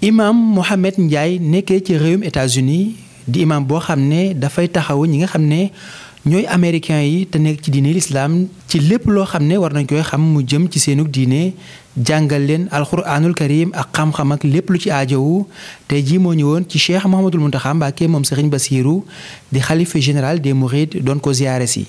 imaam Mohamed Ndiaye nekkee ci réewum États-Unis di imam boo xam ne dafay taxaw ñi nga xam ne ñooy américains yi te nekk ci diine lislaam ci lépp loo xam ne war nañ koy xam mu jëm ci seenug diine jàngal leen alxuraanul karim ak xam-xam ak lépp lu ci aajowu te jii moo ñëwoon ci cheikh Mouhamadul Mountakha Mbacké moom Serigne Bassirou di xalifa général de mourides doon ko ziyaare si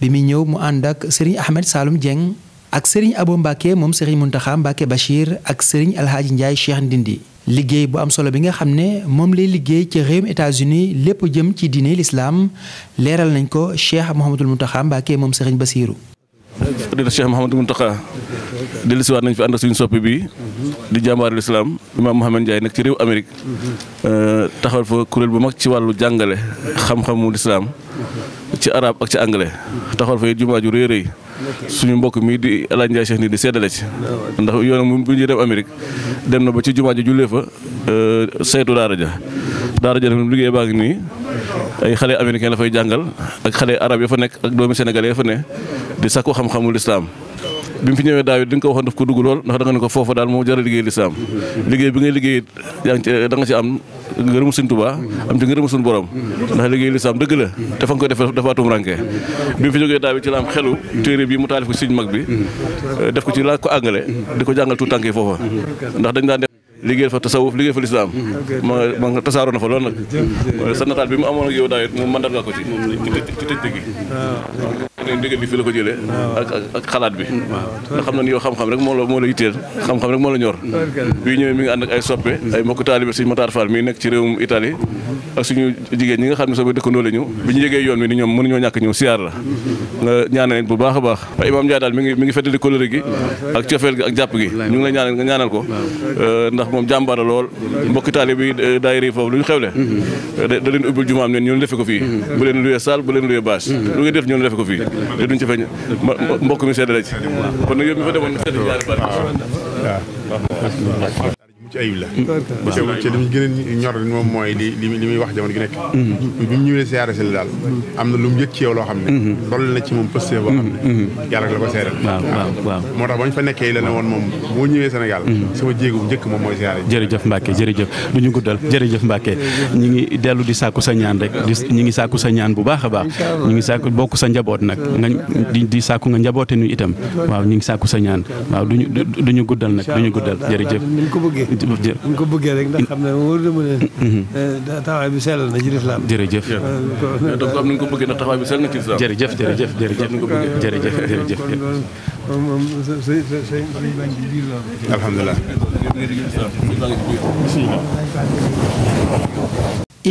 bi muy ñëw mu ànd ak Serigne Ahmed Saloum Dieng ak Serigne Abo Mbacké moom Serigne Mountakha Mbacké Bachir ak Serigne Alhaaji Ndiaye Cheikh Ndindi liggéey bu am solo bi nga xam ne moom lay liggéey ci réewum États-Unis lépp jëm ci diine lislaam leeral nañ ko Cheikh Mouhamadul Mountakha Mbacké moom Serigne Bassirou. di la Cheikh Mouhamadul Mountakha dellusiwaat nañ fi ànd ak suñu bi di jàmbaari lislaam Imaam Mohamed Ndiaye nekk ci réew Amérique euh, taxawal fa kuréel bu mag ci wàllu jàngale xam-xamu lislaam ci arab ak ci anglais taxawal fa jumaa ju rëy rëy suñu mbokk mii di El Hadj Ndiaye Cheikh nii di seddale ci ndax yoon mu bu ñuy dem Amérique dem na ba ci jumaa ji jullee fa euh, saytu daara ja daara ja mu liggéey baa ngi nii ay xale américain la fay jàngal ak xale arab ya fa nekk ak doomi sénégalais ya fa ne di sakku xam-xamul islaam bi mu fi ñëwee daaw it di nga ko waxoon daf ko dugg lool ndax da nga ne ko foofa daal moo jar a liggéey lislaam liggéey bi ngay liggéey yaa ngi ci da nga ci am ngërëmu am ci ngërëmu suñ borom ndax liggéey lislaam dëgg la te fa nga def dafa tuum ranke bi fi jógee daaw it ci la am xelu téere bi mu taalif ko suñ mag bi def ko ci laa ko àngale di ko jàngal tout tànk foofa ndax dañ daan def liggéey fa tasawuf liggéey fa lislaam ma ma nga tasaaroo na fa loolu nag sa nataal bi mu amoon ak yow daawit mu mandal nga ko ci ci tëj gi ne ndigal li fi la ko jëlee ak ak xalaat bi nga xam ne yow xam-xam rek moo la moo yitteel xam-xam rek moo la ñor bii ñëwee mi ngi ànd ak ay soppe ay mbokk taalibe sëñ Matar Fall mii nekk ci réewum Italie ak suñu jigéen ñi nga xam ne soobee dëkkandoo la ñu bi ñu yegee yoon bi ni ñoom mënuñoo ñàkk ñëw siyaar la nga ñaanal bu baax a baax a Imaam Ndiaye daal mi ngi mi ngi feddali coloré gi ak cofeel gi ak jàpp gi ñu ngi la ñaanal nga ñaanal ko ndax moom jàmbaar la lool mbokki taali bi eh, daayiri foofu lu ñu xewle mm-hmm. eh, da leen ubbil jumaam neen ñoo defe ko fii mm-hmm. bu leen luyee saal bu leen luyee bâche mm-hmm. lu ngeen def ñoo defe ko fii te duñ ci mbokk mi seede la kon nag yow mi fa demoon seede ñaari baat ci ayib la. macha allah ci li mu gën a ñor moom mooy li li muy wax jamono gi nekk. Mm-hmm. mu ñëwee siyaare si la daal. am na lu mu yëg ci yow loo xam ne. Mm-hmm. dolli na ci moom pësté boo xam ne. Mm-hmm. yàlla la ko seeral. waaw moo tax bañ fa nekkee la woon moom boo ñëwee Sénégal. sama jéego bu njëkk moom mooy siyaare. jërëjëf Mbacke jërëjëf du ñu guddal jërëjëf Mbacke ñu ngi dellu di sàkku sa ñaan rek di ñu ngi sàkku sa bu baax a baax ñu ngi sàkku bokk sa njaboot nag nga di sàkku nga njaboote nu itam waaw ñu ngi sàkku sa ñaan waaw duñu duñu guddal nag duñu guddal jërëjëf buñ ko bëggee rek ndax xam ne wóor na ma ne taxawaay bi jërëjëf donc ko bëggee ndax bi sell na ci lislaam jërëjëf jërëjëf jërëjëf jërëjëf jërëjëf moom sëñ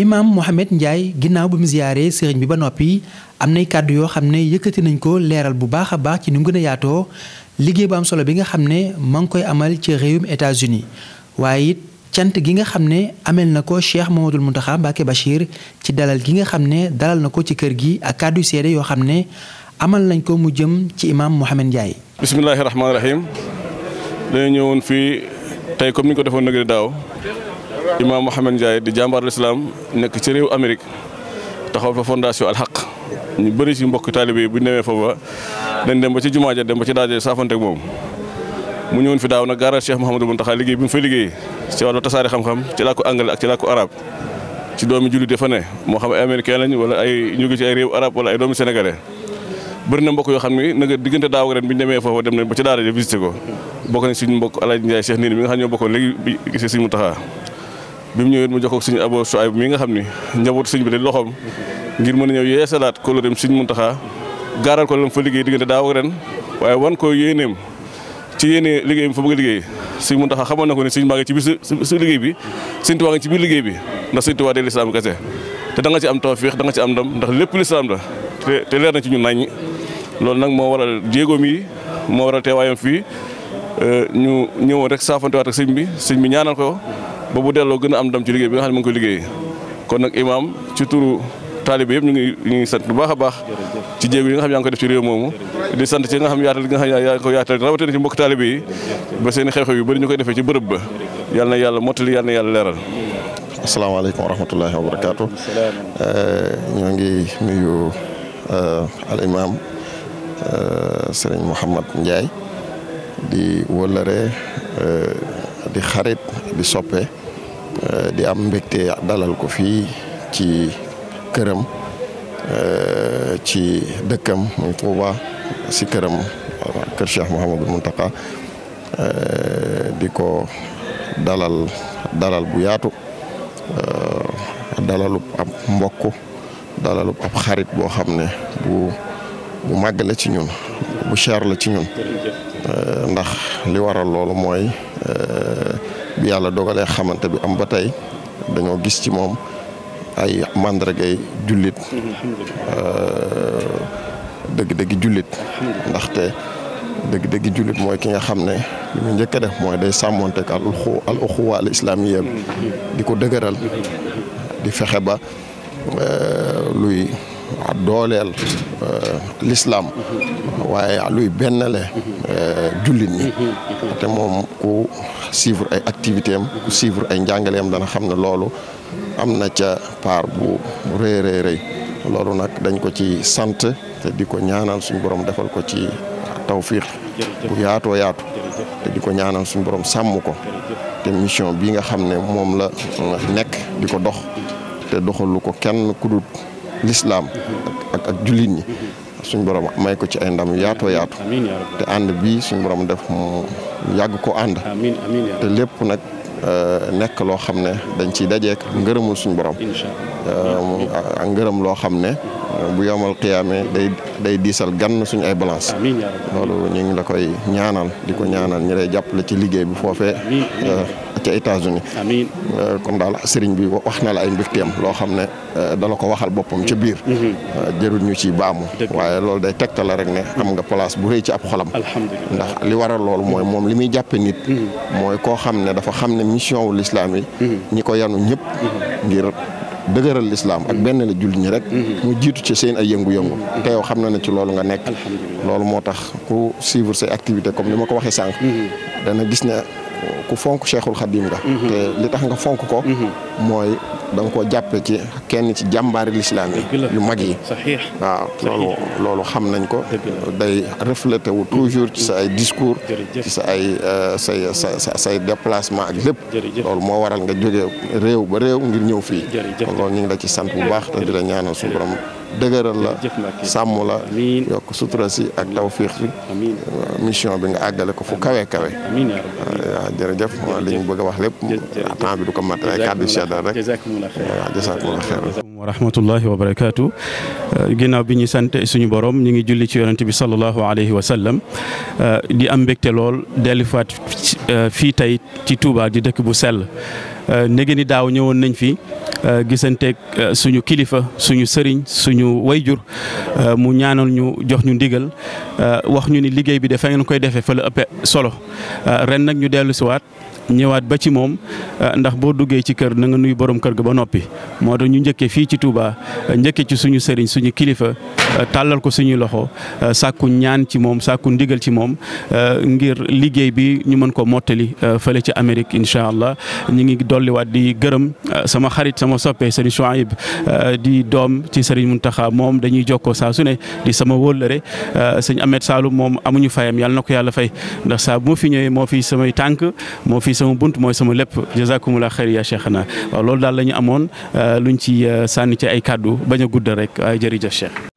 baa ngi ginnaaw bu mu ziyaaree sëriñ bi ba noppi am nay kàddu yoo xam ne yëkkati nañ ko leeral bu baax a baax ci nu mu gën a yaatoo liggéey bu am solo bi nga xam ne ma ngi koy amal ci réewum états waaye it cant gi nga xam ne amel na ko Cheikh Mamadou Mountakha Mbacké Bachir ci dalal gi nga xam ne dalal na ko ci kër gi ak kàddu seede yoo xam ne amal nañ ko mu jëm ci imaam Mouhamed Ndiaye. bismillahi rahmaani rahim dañu ñëwoon fii tey comme ni ko defoon nag daaw imaam Mouhamed Ndiaye di jàmbaar lislaam nekk ci réew Amérique taxaw fa fondation Al Haq ñu bëri ci mbokk taalibe yi bu ñu demee foofa dañ dem ba ci jumaa ja dem ba ci daal di saafante moom. mu ñëwoon fi daaw nag gaaral Cheikh Mouhamadou Mountakha liggéey bi mu fay liggéey ci wàllu tasaare xam-xam ci làkku anglais ak ci wala ay ñu ngi ci ay arab wala ay doomi sénégalais na mbokk yoo xam ne nag diggante daaw ak bi ñu demee dem nañ ba ci daara ja visité ko bokk nañ suñu mbokk Alaaji Ndiaye Cheikh Ndindi mi nga xam ñoo bokkoon léegi bi gisee Sëriñ Mountakha bi mu ñëwee mu jox ko suñu abo Suayb mi nga xam ni njaboot sëñ bi la loxoom ngir mën a ñëw yeesalaat gaaral ko lam liggéey diggante daaw ak ren waaye wan ko yéeneem ci yéene liggéey bi fa bëgg a liggéey sëñ Muntaxa xamoon na ko ne sëñ maa ngi ci biir su liggéey bi sëñ Tuubaa ngi ci bi ndax sëñ Tuubaa dee lislaam kese te danga ci am tawfiix da danga ci am ndam ndax lépp lislaam la te leer na ci ñu nañ loolu nag moo waral jéegoom yi moo waral teewaayam fii euh, ñu ñëwoon rek saafantewaat ak sëñ bi sëñ bi ñaanal ko ba bu delloo gën a am ndam ci liggéey bi nga xam ne mu ngi koy liggéey kon nag imaam ci turu taalibe yëpp ñu ngi ñu ngi sant bu baax a baax ci jéego yi nga xam ne yaa ngi réew moomu di sant ci nga xam yaatal nga xam yaa ngi ko yaatal rawatina ci mbokk taalibe yi ba seen xew-xew yu bari ñu koy defee ci bërëb ba yal na yàlla mottali yal na yàlla leeral. asalaamaaleykum wa rahmatullahi wa barakaatu. ñoo ngi nuyu uh, al imam uh, sëriñ Mouhamad Ndiaye di wëllare uh, di xarit di soppe di am mbégte dalal ko fii ci këram ci dëkkam muy Touba. si këram kër Cheikh Mouhamadul Mountakha eh, di ko dalal dalal bu yaatu eh, dalalub ab mbokk dalalub ab xarit boo xam ne bu bu màgg la ci ñun bu cher la ci ñun eh, ndax li waral loolu mooy bi yàlla dogalee xamante bi am ba tey dañoo gis ci moom ay màndargay jullit mm-hmm. dëgg-dëgg jullit ndaxte dëgg-dëgg jullit mooy ki nga xam ne li mu njëkk def mooy day sàmmonteeg al uxu al uxuwa al di ko dëgëral di fexe ba euh, luy dooleel euh, l'islam waaye luy bennale euh, jullit ñi te moom ku suivre ay activité am ku suivre ay njàngaleem dana xam ne loolu am na ca part bu rëy rëy loolu nag dañ ko ci sant te di ko ñaanal suñu borom defal ko ci tawfiq bu yaatoo yaatu te di ko ñaanal suñu borom sàmm ko te mission bi nga xam ne moom la nekk di ko dox te doxalu ko kenn ku dul lislaam ak ak jullit borom may ko ci ay ndam yaatoo yaatu te ànd bi suñu borom def mu yàgg ko ànd te lépp nag Euh, nekk loo xam ne dañ ciy dajeek ngërëmul suñu borom. Euh, ak ngërëm loo xam ne. bu yomal xiyaame day day diisal gann suñ ay balance loolu ñu la koy ñaanal di ko ñaanal ñu lay jàppale ci liggéey bi foofee. Euh, ca États-Unis kon daal sëriñ bi wax na la ay mbégteem loo xam ne dala ko waxal boppam ci biir mm-hmm. jërul ñu ci baamu waaye loolu day tegtal la rek ne am nga place bu rëy ci ab xolam ndax li waral loolu mooy moom li muy jàppe nit mm-hmm. mooy koo xam ne dafa xam ne mission wu lislaam yi mhm. ñi ko yanu ñëpp mhm. ngir dëgëral lislaam ak mhm. benn la jullit ñi rek mu jiitu ci seen ay yëngu-yëngu te yow xam na na ci loolu nga nekk loolu moo tax ku suivre say activité comme ni ma ko waxee sànq dana gis ne ku fonk cheikhul xadim nga mhm. te li tax nga fonk ko mhm. mooy da nga ko jàppe ci kenn ci jàmbaari lislaam yi yu mag yi waaw loolu loolu xam nañ ko day reflété wu toujours ci sa ay mhm. discours ci sa ay euh, say sa say déplacement ak lépp loolu moo waral nga jógee réew ba réew ngir ñëw fii kon loolu ñu ngi la ci sant bu baax te di la ñaanal borom dëgëral la sàmm la yokk sutura si ak tawfiix si mission bi nga àggale ko fu kawe kawe waaw jërëjëf waaw li ñu bëgg a wax lépp temps bi du ko mat ay kàddu seddal rek waaw jasakumullah xeer wa rahmatullahi wa barakaatu euh, ginnaaw bi ñu sant suñu borom ñu ngi julli ci yonent bi sallallahu alayhi wa sallam euh, di am mbégte lool delluwaat euh, fii tey ci tuubaa di dëkk bu sell ndege ni daaw ñëwoon nañ fi Euh, gisanteeg euh, suñu kilifa suñu sëriñ suñu wayjur euh, mu ñaanal ñu jox ñu ndigal wax ñu ni liggéey bi dafa ngeen koy defee fa la ëppee solo ren nag ñu dellu si ñëwaat ba ci moom ndax boo duggee ci kër nanga nga nuyu borom kër ga ba noppi moo tax ñu njëkkee fii ci Touba njëkkee ci suñu sëriñ suñu kilifa. Euh, tàllal ko suñuy loxo euh, sàkku ñaan ci moom sàkku ndigal ci moom euh, ngir liggéey bi ñu mën ko mottali fële ci Amérique incha allah ñu ngi dolliwaat di gërëm sama xarit sama soppe Serigne Chouaib di doom ci Serigne taxa moom dañuy jokkoo saa su ne di sama wóllëre sëñ Ahmed Saloum moom amuñu fayam yàlla na ko yàlla fay ndax saa bu ma fi ñëwee moo fi samay tànk moo fi sama bunt mooy sama lépp jazakumullah xayr ya cheikhana waaw loolu daal la ñu amoon luñ ci sànni ci ay kàddu bañ a rek waaye jërëjëf